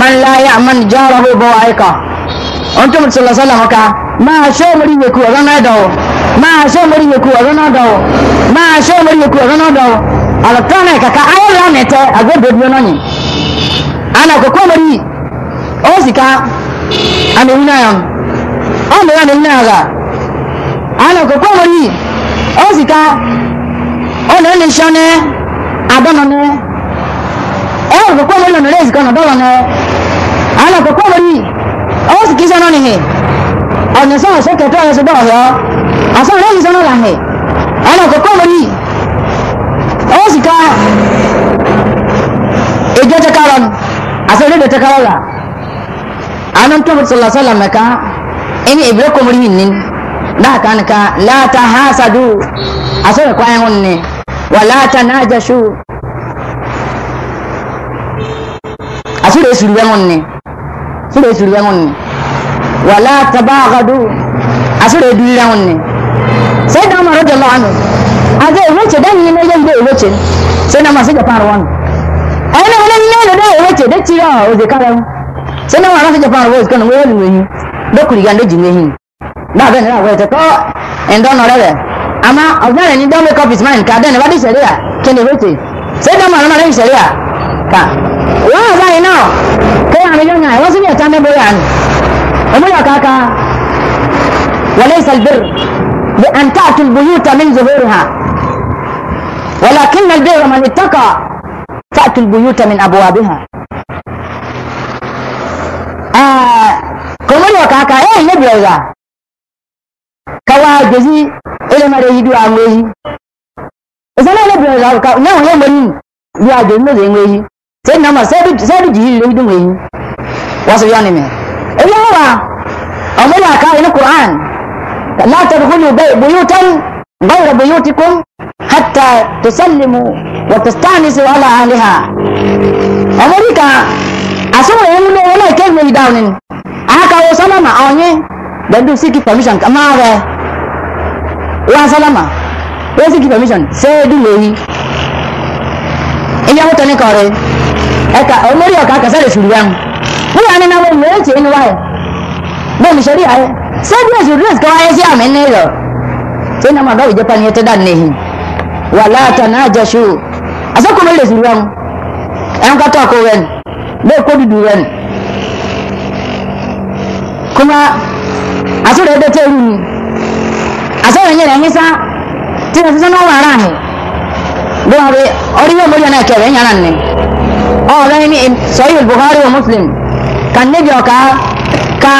man la ya man jarahu bawaika on tum sallallahu alaihi wasallam ka ma so muri ye ku rana dawo ma so muri ye ku rana dawo ma so muri ye ku rana dawo ala tana ka ka ayala ne te agodo bi no ni ana ko ko muri o sika ana wina yan o me yana ina ga ana ko ko muri o sika o ne ne shone adono ne ewe kukuwa lino lezi kana dola ne ana kukuwa ni awo sikiza nani he ɔne sɛ ɔsɛ kɛtɛ ɔyɛ sɛ dɛ ɔyɛ asɛ ɔlɛyi sɛ ɔlɛ ahɛ kwa kɔkɔ wani ɔwɔ sika edwa tɛ kala no asɛ ana ntɔm sɔlɔ sɔlɔ mɛka ɛne ebire kɔmɔri yi nin daa kan ka La tahasadu. asɛ kwa kwan ho wa la tanajashu. sire siriya honni sire siriya honni wala tabaghadu asire duya honni sai da umar radiyallahu anhu aga eweche dan yi ne yan da eweche sai na masu japan ruwan ai na wani ne da eweche da tira o ze kare sai na masu japan ruwan kan wani wani da kuri gande jinyehi na ga ne na wata ko endo no rebe oh, ama ọgbẹrẹ ni don make up his mind ka den ba di sẹríà kí ni eweche sai da umar radiyallahu anhu sẹríà ka wọ́n àbá iná kéèyàn mílíọ̀nù náà wọ́n sì ní ẹ̀tàn mẹ́bọ̀ yàn ọmọ yà káka wọlé ìsàlbìr bí àǹtà àtúbùyù tàmí zuhuru ha wọlákin albìr man ìtọ́kà tàtú bùyù tàmí àbúwà bí ha. kọmọlọ káka ẹ̀ ẹ̀ yẹ́bi ọ̀gá kawa jezi ẹlẹ́mọ̀rẹ́ yìí dùn àwọn èyí ìsẹ́lẹ̀ ẹlẹ́bi ọ̀gá nyẹ́wọ̀n yẹ́wọ̀n yìí dùn àjò ní sẹ́yìn náà sẹ́ẹ̀dù jìí lè dùn wẹ̀yìn wọ́n sì yọ ni mi. ebi ń wà ọmọ yà ká inú quran látàrí kúlù buyutan bayra buyutikum hatta tusallimu wa tastanisu ala ahliha. ọmọ yìí kan àsọ̀rọ̀ yẹn múlò wọn náà kẹ́hìn méjì dáhùn ni àkàwọ̀ sálámà ọ̀nyẹ́ bẹ̀ẹ́dù síkì permission kàmá rẹ̀ wọ́n sálámà wọ́n síkì permission sẹ́ẹ̀dù lè yí. ìyàwó tẹ̀ ní kọ́rẹ́. ẹka ọmọrí ọkà kàsáré sùúrù yà hù wúwà nínú àwọn ènìyàn ètò ẹni wáyé bóun ṣe rí ayé sẹ́gun èsì rírẹ̀sì kan wáyé sí àmì ní ìlọ tí ní ọmọ àgbà òjẹ́pá ni ẹtẹ́ dàn níhìn wà láàtà náà jẹ́sù àsọkùnrin lè sùúrù yà hù ẹ̀hún kátó ọkọ rẹ̀ bẹ́ẹ̀ kó dùdù rẹ̀ kúmá àsọ̀rọ̀ ẹ̀dẹ́ tẹ́ ẹ̀rù ni àsọ̀rọ̀ ẹ̀yẹ rẹ̀ ẹ̀yìn sá tí wọ́n ti sọ́nà wà ọ̀rẹ́ ní sọ́yìn buhari wa muslim kan níbi ọ̀ka ka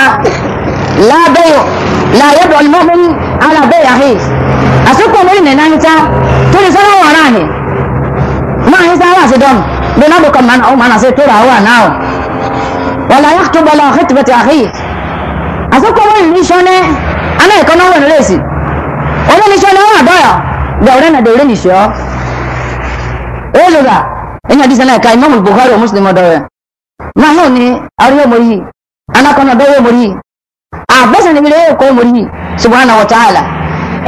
lábẹ́yọ̀ láyébọ̀ lọ́mọ́mú alábẹ́yà hì àsìkò mẹ́rin nìyẹn náà níta tó lè sọ́yìn wọ̀n náà hì máa ń sáré àti dọ́m bí náà bùkọ̀ máa ń máa ṣe tó rà wà náà wọ́n láyé tó bọ́ lọ́wọ́ hìtì bẹ́tì àhì àsìkò mẹ́rin ní sọ́nẹ́ aná ìkọ́ náà wọ̀ nílé sí olóníṣẹ́ náà wà dọ́yọ̀ dẹ̀wọ́rẹ́ náà dẹ̀wọ́rẹ́ nìṣọ́ ó lè rà ẹ̀yìn àdìsí náà ka imam buhari o muslim ọ̀dọ̀ rẹ̀ náà yóò ní àríwá mori yìí anakọ̀nà bẹ́ẹ̀ mori yìí àbẹ́sẹ̀ níbi rẹ̀ kọ́ mori yìí subahana wa ta'ala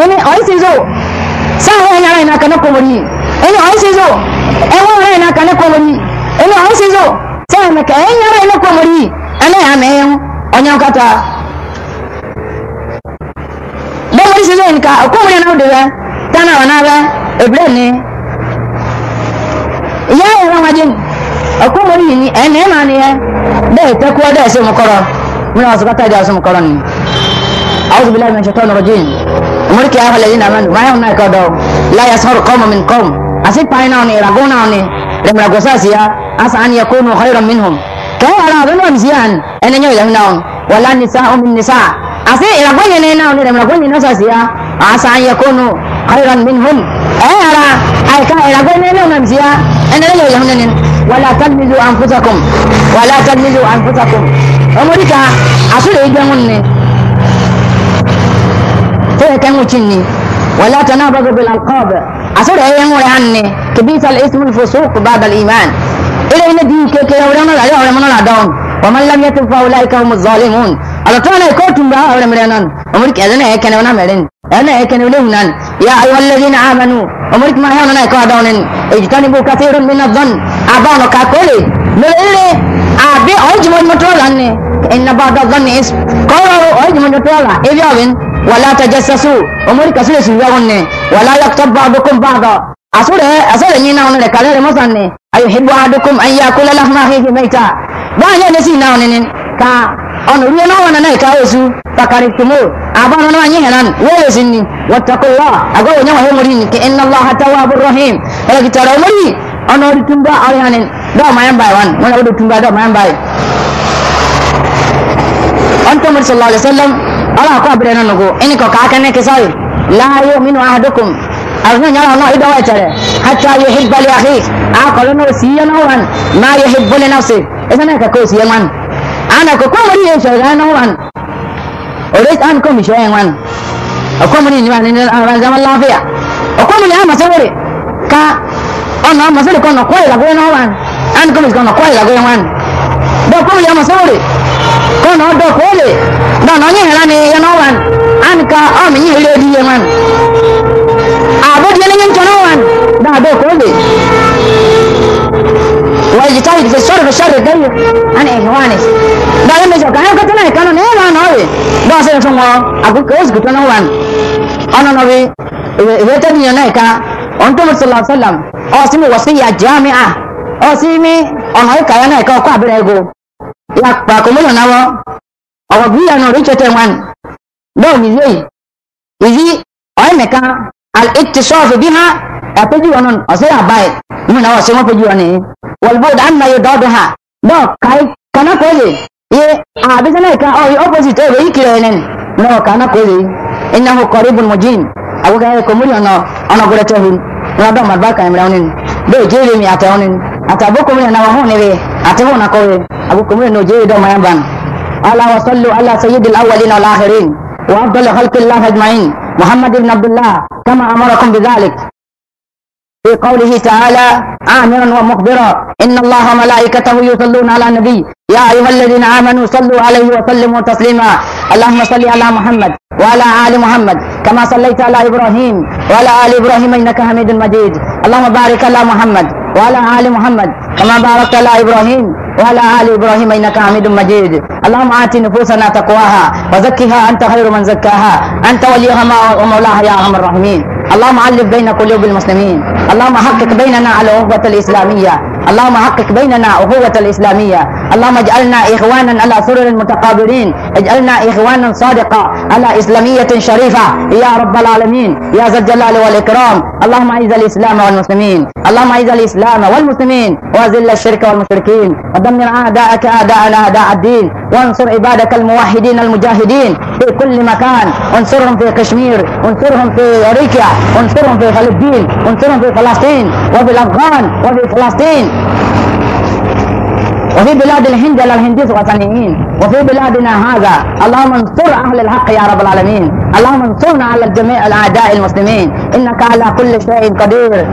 ẹni ọ̀yìn sí zo sáà wọ́n yàrá ìnáka ní kọ́ mori yìí ẹni ọ̀yìn sí zo ẹwọ́n yàrá ìnáka ní kọ́ mori yìí ẹni ọ̀yìn sí zo sáà mẹ́kẹ́ ẹ̀yìn yàrá ìnáka kọ́ mori yìí ẹni yà mẹ́yẹn ọ̀nyẹ́ kata bẹ́ẹ̀ mori sí zo nìka ọkọ̀ mori yẹn náà dẹ̀ bẹ́ẹ̀ tánà wà náà bẹ́ẹ̀ ebire ni ìyá ẹ̀rọ ọmọdún ọkọ mọ yìí ni ẹnì ẹ̀ma ni ẹ bẹ́ẹ̀ tẹ́kú ọdẹ ẹ̀sẹ̀ mu kọ́rọ̀ mi náà sọ́kátà ẹ̀dẹ̀ ọ̀sẹ̀ mu kọ́rọ̀ ni àwọn òbí lẹ́yìn ṣètò ọ̀nà rọ̀jìn mọ̀ríkì àwọn ẹ̀yìn náà mẹ́rin wáyà náà kọ́dọ̀ láyà sọ̀rọ̀ kọ́mọ mi kọ́m àti pààyàn náà ni ìràgó náà ni rẹ̀mìràgọ́sàsíyá asa àníyẹ kó nù ọ̀hẹ́rọ̀ mìíràn kẹ́wàá ara ọ̀bẹ náà nìyẹn ẹni ẹ̀yẹ́ ìlẹ̀ náà wọlá nìsa omi nìsa àti ìràgó yẹn náà ni rẹ̀mìràgó yẹn náà sàsíyá asa àníyẹ kó nù ọ̀hẹ́rọ̀ mìíràn ẹ̀yàrá àìka ìràgbọ́ iná ní ọ̀nà ìjìyà ẹni lẹ́yìn ìyàwó nínú wàlá tẹ́lifíṣù àǹfùtàkùn wàlá tẹ́lifíṣù àǹfùtàkùn ọmọdéka àṣírí ìgbẹ́hùn ni tẹ́yẹ kẹ́hùn chin ni wàlá tẹ́ná bọ́gọ̀ bí lalkọ́ọ̀bù àṣírí ẹ̀yẹ ń rẹ̀ hàn ni kìbí sàlẹ̀ ismul fosok bàbàl iman ilé iná di kékeré ọ̀rẹ́ ọ̀rẹ́ ọ̀rẹ́ mọ́nà அதற்கான கோட்டுண்டா அவரை முடியாதான் உங்களுக்கு எதனா ஏக்கனவனா மேடன் எதனா ஏக்கனவிலே உன்னான் யா ஐவல்லதீன் ஆமனு உங்களுக்கு மகானனா ஏக்காதவனன் இஜ்தனிபு கசீரும் மின் அத்தன் அபான காக்கோலி மேலே அபி ஆஜ் மன் மற்றோலான் என்ன பாத அத்தன் இஸ் கோவோ ஆஜ் மன் மற்றோலா ஏவியாவின் ولا تجسسوا امور كسر سيغون ولا يكتب بعضكم بعضا asore asore nyina ono le kalere mosanne ayuhibbu ahadukum an yakula lahma akhihi maita ba ya nesi na onene ka on anu ruwa nawa na nai kawo su kumo abana nawa nyi hanan waye sinni wattaqullah ago wonya wa hemuri ni ke inna allaha tawwabur rahim kala kita tara umuri ono anu ritumba ari hanen do mayan wan wona odo tumba do mayan bai on to sallallahu alaihi wasallam ala ko abire nan go eni ko ka kan ke sai la yu'minu ahadukum azna nyala na ido wa tare hatta yuhibba li akhi a ko no siyan nafsi esana ka ana ko ko muri yeso ga nan wan ore an ko mi shoyen wan ko muri ni wan ni an zaman lafiya ko muri ama sabore ka ono ama sabore ko no ko la go no wan an ko mi ko no ko la go wan do ko muri ama sabore ko no do ko le do no ni hela ni yo no wan an ka o mi ni le di ye wan a bo di ni nyo no wan da do ko le ajitahidi visoro visoro gayo ana ehwanes dala mejo kana katana kana ne ba no we do oh, se no mo abu ko us gutana wan ana no we we tani na ka onto mu sallallahu alaihi wasallam o oh, simi wasiya jami'a o oh, simi ona ka yana ka ko abere go ya pa ko mo na wo o bi ya no ri chete wan do mi ye izi o me ka الاتصاف بها أبدي أن أصير أباي من أو أسمع بدي أني والبعد عنا يدودها ده كاي كنا كوزي يه أبي سنا كا أو يopposite إيه، أو إيه، يكلينن من أو كنا كوزي إنه قريب مجين أبو كاي كمولي أنا أنا قلتهم رابع مربع كاي مرانين ده جيري مي أتاونين أتابو كمولي أنا وهو نبي أتابو نكوي أبو كمولي نجيري ده ما يبان ألا وصلوا على سيد الأولين والآخرين وأفضل خلق الله أجمعين محمد بن عبد الله كما أمركم بذلك في قوله تعالى آمرا ومخبرا إن الله وملائكته يصلون على النبي يا أيها الذين آمنوا صلوا عليه وسلموا تسليما اللهم صل على محمد وعلى آل محمد كما صليت على إبراهيم وعلى آل إبراهيم إنك حميد مجيد اللهم بارك على محمد وعلى آل محمد كما باركت على إبراهيم وعلى آل إبراهيم إنك حميد مجيد اللهم آت نفوسنا تقواها وزكها أنت خير من زكاها أنت وليها ومولاها يا أرحم الراحمين اللهم ألف بين قلوب المسلمين اللهم حقق بيننا على الأخوة الإسلامية اللهم حقق بيننا أخوة الإسلامية اللهم اجعلنا إخوانا على سرر متقابلين اجعلنا إخوانا صادقة على إسلامية شريفة يا رب العالمين يا ذا الجلال والإكرام اللهم أعز الإسلام والمسلمين اللهم أعز الإسلام والمسلمين وأذل الشرك والمشركين ودمر أعداءك أعداءنا أعداء الدين وانصر عبادك الموحدين المجاهدين في كل مكان انصرهم في كشمير انصرهم في أريكيا انصرهم في فلسطين انصرهم في فلسطين وفي الأفغان وفي فلسطين وفي بلاد الهند للهنديس وطنيين وفي بلادنا هذا اللهم انصر اهل الحق يا رب العالمين اللهم انصرنا على جميع الاعداء المسلمين انك على كل شيء قدير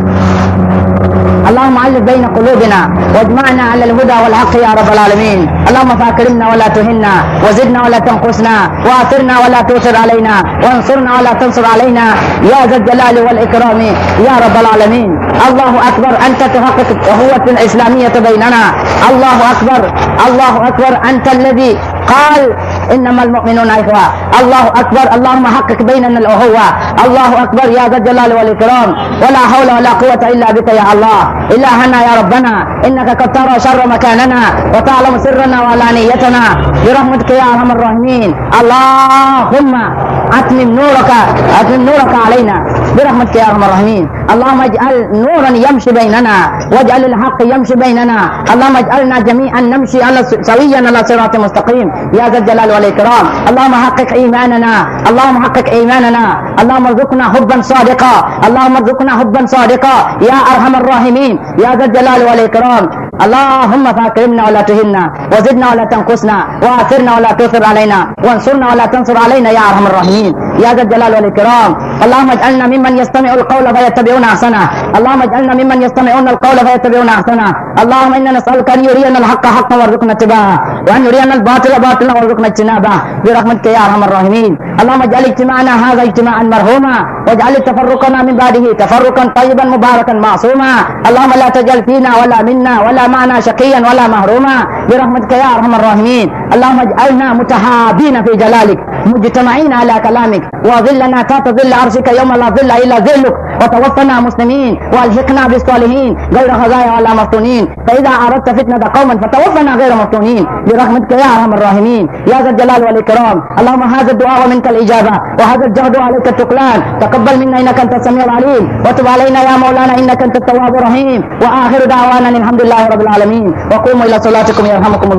اللهم علق بين قلوبنا واجمعنا على الهدى والحق يا رب العالمين اللهم فاكرمنا ولا تهنا وزدنا ولا تنقصنا واثرنا ولا تؤثر علينا وانصرنا ولا تنصر علينا يا ذا الجلال والاكرام يا رب العالمين الله اكبر انت تحقق قوه اسلاميه بيننا الله اكبر الله اكبر انت الذي قال انما المؤمنون اخوه الله اكبر اللهم حقق بيننا الاخوه الله اكبر يا ذا الجلال والاكرام ولا حول ولا قوه الا بك يا الله الهنا يا ربنا انك قد ترى شر مكاننا وتعلم سرنا وعلانيتنا برحمتك يا ارحم الراحمين اللهم اتمم نورك اتمم نورك علينا برحمتك يا ارحم الراحمين اللهم اجعل نورا يمشي بيننا واجعل الحق يمشي بيننا اللهم اجعلنا جميعا نمشي على سويا على صراط مستقيم يا ذا الجلال والاكرام اللهم حقق ايماننا اللهم حقق ايماننا اللهم ارزقنا حبا صادقا اللهم ارزقنا حبا صادقا يا ارحم الراحمين يا ذا الجلال والاكرام اللهم فاكرمنا ولا تهنا وزدنا ولا تنقصنا واثرنا ولا تؤثر علينا وانصرنا ولا تنصر علينا يا ارحم الراحمين يا ذا الجلال والإكرام اللهم اجعلنا ممن يستمع القول فيتبعون أحسنه اللهم اجعلنا ممن يستمعون القول فيتبعون أحسنه اللهم إنا نسألك أن يرينا الحق حقا وارزقنا اتباعه وأن يرينا الباطل باطلا وارزقنا اجتنابه برحمتك يا أرحم الراحمين اللهم اجعل اجتماعنا هذا اجتماعا مرحوما واجعل تفرقنا من بعده تفرقا طيبا مباركا معصوما اللهم لا تجعل فينا ولا منا ولا معنا شقيا ولا مهروما برحمتك يا أرحم الراحمين اللهم اجعلنا متحابين في جلالك مجتمعين على كلامك وظلنا أتات ظل عرشك يوم لا ظل إلا ظلك وتوفنا مسلمين والحقنا بالصالحين غير خزايا ولا مفتونين فإذا أردت فتنة قوما فتوفنا غير مفتونين برحمتك يا أرحم الراحمين يا ذا الجلال والإكرام اللهم هذا الدعاء ومنك الإجابة وهذا الجهد عليك التقلان تقبل منا إنك أنت السميع العليم وتب علينا يا مولانا إنك أنت التواب الرحيم وآخر دعوانا الحمد لله رب العالمين وقوموا إلى صلاتكم يرحمكم الله